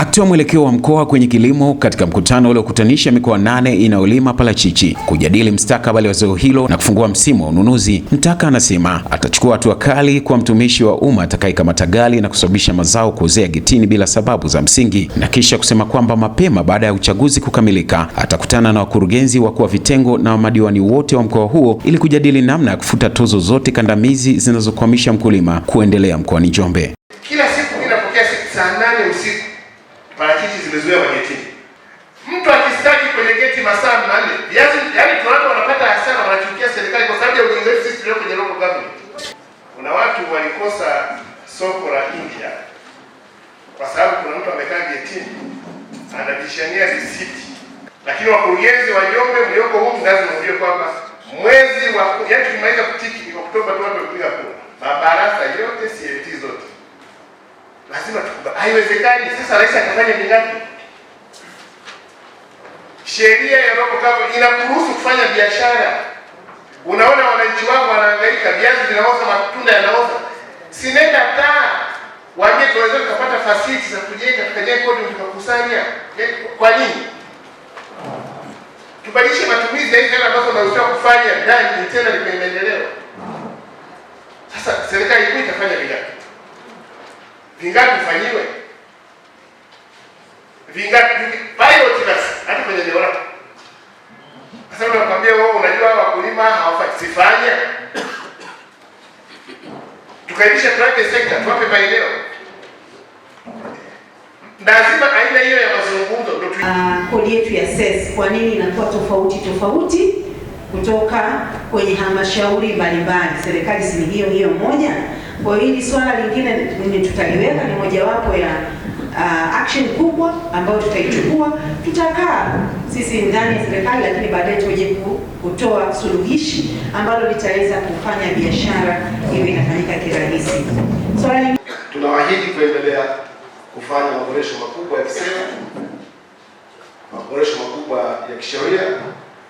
akitoa mwelekeo wa mkoa kwenye kilimo katika mkutano uliokutanisha mikoa nane inayolima parachichi kujadili mstakabali wa zao hilo na kufungua msimu wa ununuzi. Mtaka anasema atachukua hatua kali kwa mtumishi wa umma atakayekamata gari na kusababisha mazao kuozea getini bila sababu za msingi, na kisha kusema kwamba mapema baada ya uchaguzi kukamilika atakutana na wakurugenzi wakuu wa vitengo na madiwani wote wa mkoa huo ili kujadili namna ya kufuta tozo zote kandamizi zinazokwamisha mkulima kuendelea mkoani Njombe. parachichi zimezuia magetini. Mtu akistaki kwenye geti masaa manne, viazi yani, tunaona wanapata hasara, wanachukia serikali kwa sababu ya ujenzi. wetu sisi tulio kwenye local government. Kuna watu walikosa soko la India kwa sababu kuna mtu amekaa getini anajishania risiti. Lakini wakurugenzi wa Njombe mlioko humu lazima mjue kwamba mwezi wa yani, tukimaliza kutiki ni Oktoba tu watu wapiga kura. Mabarasa yote CAT zote lazima tukubali. Haiwezekani sasa rais akafanya vingapi? Sheria ya robo kama inakuruhusu kufanya biashara. Unaona wananchi wangu wanahangaika, viazi vinaoza, matunda yanaoza. Sinenda taa waje tuweze kupata fasiti za kujenga, tukajenga kodi tukakusanya. Eh, kwa nini? Tubadilishe matumizi ya hizo hela ambazo tunataka kufanya ndani tena ni maendeleo. Sasa serikali kuu itafanya vingapi? vingapi fanyiwe vingapi, pilot basi, hata kwenye leo lako. Sasa nakwambia wewe, unajua wakulima hawafai, sifanye tukaibisha private sector, tuwape maeneo. Lazima aina hiyo ya mazungumzo ndio tu. Ah, kodi yetu ya SES kwa nini inakuwa tofauti tofauti kutoka kwenye halmashauri mbalimbali? Serikali si hiyo hiyo moja kwa hiyo hili swala lingine lenye tutaliweka ni mojawapo ya uh, action kubwa ambayo tutaichukua. Tutakaa sisi ndani ya serikali, lakini baadaye tuje kutoa suluhishi ambalo litaweza kufanya biashara iwe inafanyika kirahisi. Swala lingine tunawaahidi kuendelea kufanya maboresho makubwa ya kisera, maboresho makubwa ya kisheria,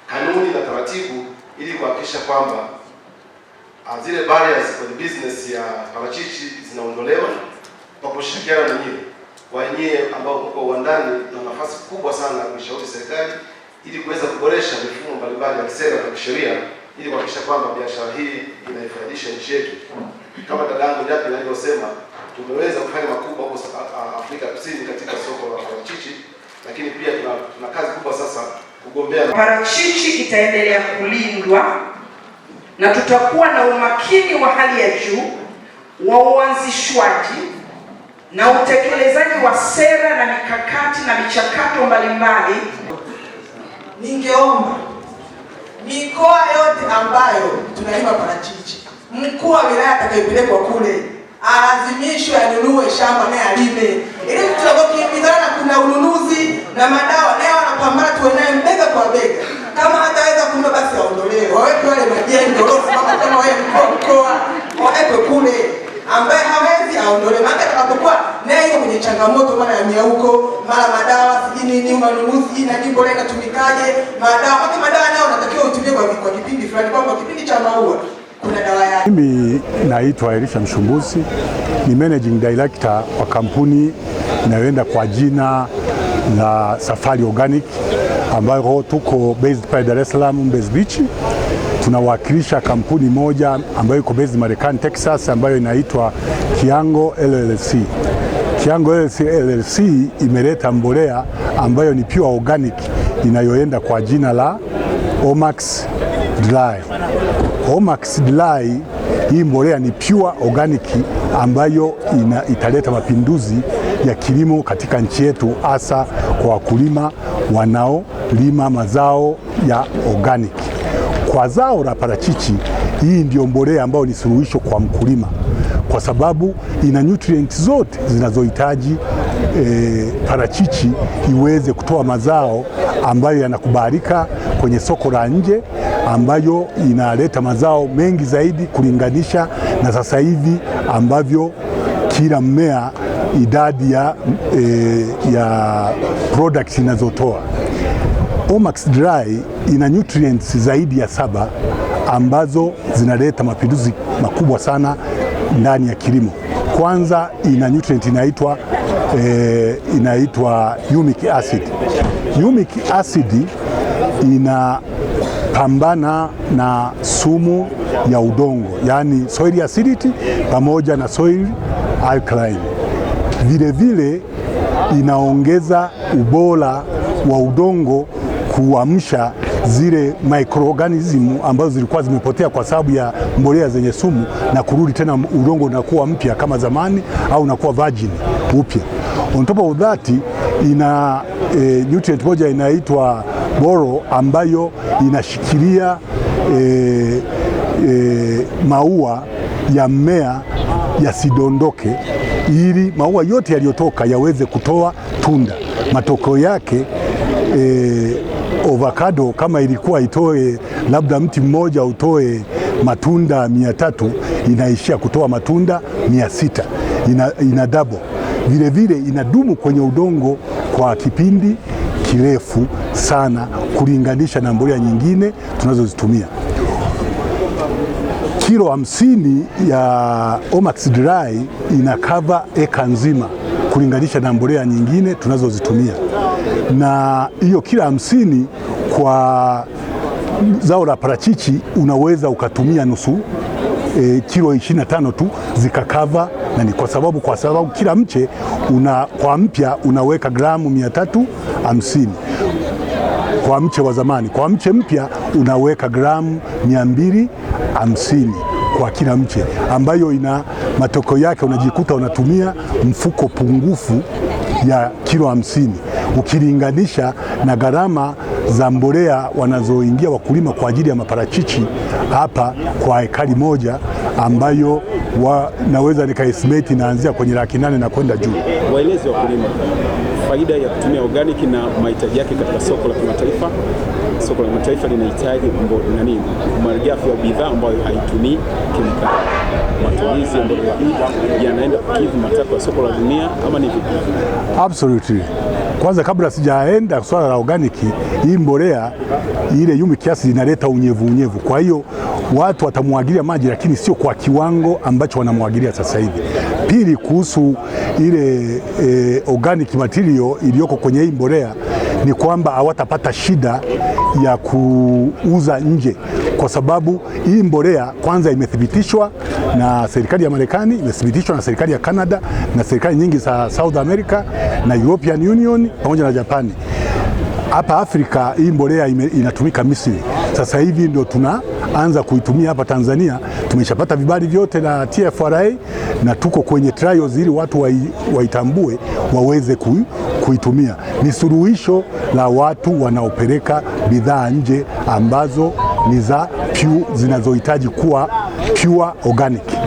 kanuni na taratibu ili kuhakikisha kwamba uh, zile barriers kwenye business ya parachichi zinaondolewa kwa kushirikiana na nyinyi nyinyi ambao mko uandani na nafasi kubwa sana ya kuishauri serikali ili kuweza kuboresha mifumo mbalimbali ya kisera na kisheria ili kuhakikisha kwamba biashara hii inaifaidisha nchi yetu. Kama dadangu Japi alivyosema, tumeweza kufanya makubwa huko Afrika Kusini katika soko la parachichi, lakini pia tuna, tuna kazi kubwa sasa kugombea. Parachichi itaendelea kulindwa na tutakuwa na umakini wa hali ya juu wa uanzishwaji na utekelezaji wa sera na mikakati na michakato mbalimbali. Ningeomba mikoa yote ambayo tunalima parachichi, mkuu wa wilaya atakayepelekwa kule alazimishwe anunue shamba naye alime, ili tutakimbizana. Kuna ununuzi na madawa, naye wanapambana, tuwe naye bega kwa bega. changamoto, mara ya miauko, mara madawa sijini ni manunuzi na jimbo lake natumikaje, madawa hata madawa nayo unatakiwa utumie kwa kwa kipindi fulani, kwamba kipindi cha maua kuna dawa yake. Mimi naitwa Elisha Mshumbuzi, ni managing director wa kampuni inayoenda kwa jina la Safari Organic ambayo tuko based pale Dar es Salaam Mbezi Beach. Tunawakilisha kampuni moja ambayo iko based Marekani Texas, ambayo inaitwa Kiango LLC. Chango LLC imeleta mbolea ambayo ni pure organic inayoenda kwa jina la Omax Dry. Omax Dry hii mbolea ni pure organic ambayo ina, italeta mapinduzi ya kilimo katika nchi yetu hasa kwa wakulima wanaolima mazao ya organic. Kwa zao la parachichi, hii ndiyo mbolea ambayo ni suluhisho kwa mkulima kwa sababu ina nutrients zote zinazohitaji e, parachichi iweze kutoa mazao ambayo yanakubalika kwenye soko la nje, ambayo inaleta mazao mengi zaidi kulinganisha na sasa hivi ambavyo kila mmea idadi ya, e, ya products inazotoa. Omax Dry ina nutrients zaidi ya saba ambazo zinaleta mapinduzi makubwa sana ndani ya kilimo. Kwanza ina nutrient inaitwa e, inaitwa humic acid. Humic acid inapambana na sumu ya udongo, yaani soil acidity pamoja na soil alkaline. Vilevile inaongeza ubora wa udongo kuamsha zile microorganism ambazo zilikuwa zimepotea kwa sababu ya mbolea zenye sumu na kurudi tena, udongo unakuwa mpya kama zamani au unakuwa virgin upya. On top of that ina e, nutrient moja inaitwa boro ambayo inashikilia e, e, maua ya mmea yasidondoke ili maua yote yaliyotoka yaweze kutoa tunda. Matokeo yake e, ovakado kama ilikuwa itoe labda mti mmoja utoe matunda mia tatu inaishia kutoa matunda mia sita ina, ina double vilevile, inadumu kwenye udongo kwa kipindi kirefu sana kulinganisha na mbolea nyingine tunazozitumia. Kilo hamsini ya Omax Dry inakava eka nzima kulinganisha na mbolea nyingine tunazozitumia na hiyo kila hamsini kwa zao la parachichi unaweza ukatumia nusu e, kilo 25 tu zikakava na ni kwa sababu kwa sababu kila mche una, kwa mpya unaweka gramu 350 kwa mche wa zamani, kwa mche mpya unaweka gramu 250 kwa kila mche, ambayo ina matokeo yake unajikuta unatumia mfuko pungufu ya kilo hamsini ukilinganisha na gharama za mbolea wanazoingia wakulima kwa ajili ya maparachichi hapa kwa ekari moja ambayo wa, naweza nikaestimate inaanzia kwenye laki nane na kwenda juu. Waeleze wakulima faida ya kutumia organic na mahitaji yake katika soko la kimataifa. Soko la kimataifa linahitaji nani? Malighafi ya bidhaa ambayo haitumii kemikali. Matumizi ya mbolea hii yanaenda kukidhi matakwa ya soko la dunia ama ni vipi? Absolutely. Kwanza kabla sijaenda swala la organic, hii mbolea ile yumi kiasi inaleta unyevu unyevu, kwa hiyo watu watamwagilia maji, lakini sio kwa kiwango ambacho wanamwagilia sasa hivi. Pili, kuhusu ile e, organic material iliyoko kwenye hii mbolea ni kwamba hawatapata shida ya kuuza nje kwa sababu hii mbolea kwanza imethibitishwa na serikali ya Marekani, imethibitishwa na serikali ya Canada na serikali nyingi za South America na European Union pamoja na Japani. Hapa Afrika hii mbolea inatumika Misri, sasa hivi ndio tunaanza kuitumia hapa Tanzania. Tumeshapata vibali vyote na TFRA na tuko kwenye trials ili watu waitambue waweze kuitumia. Ni suluhisho la watu wanaopeleka bidhaa nje ambazo ni za pure zinazohitaji kuwa pure organic.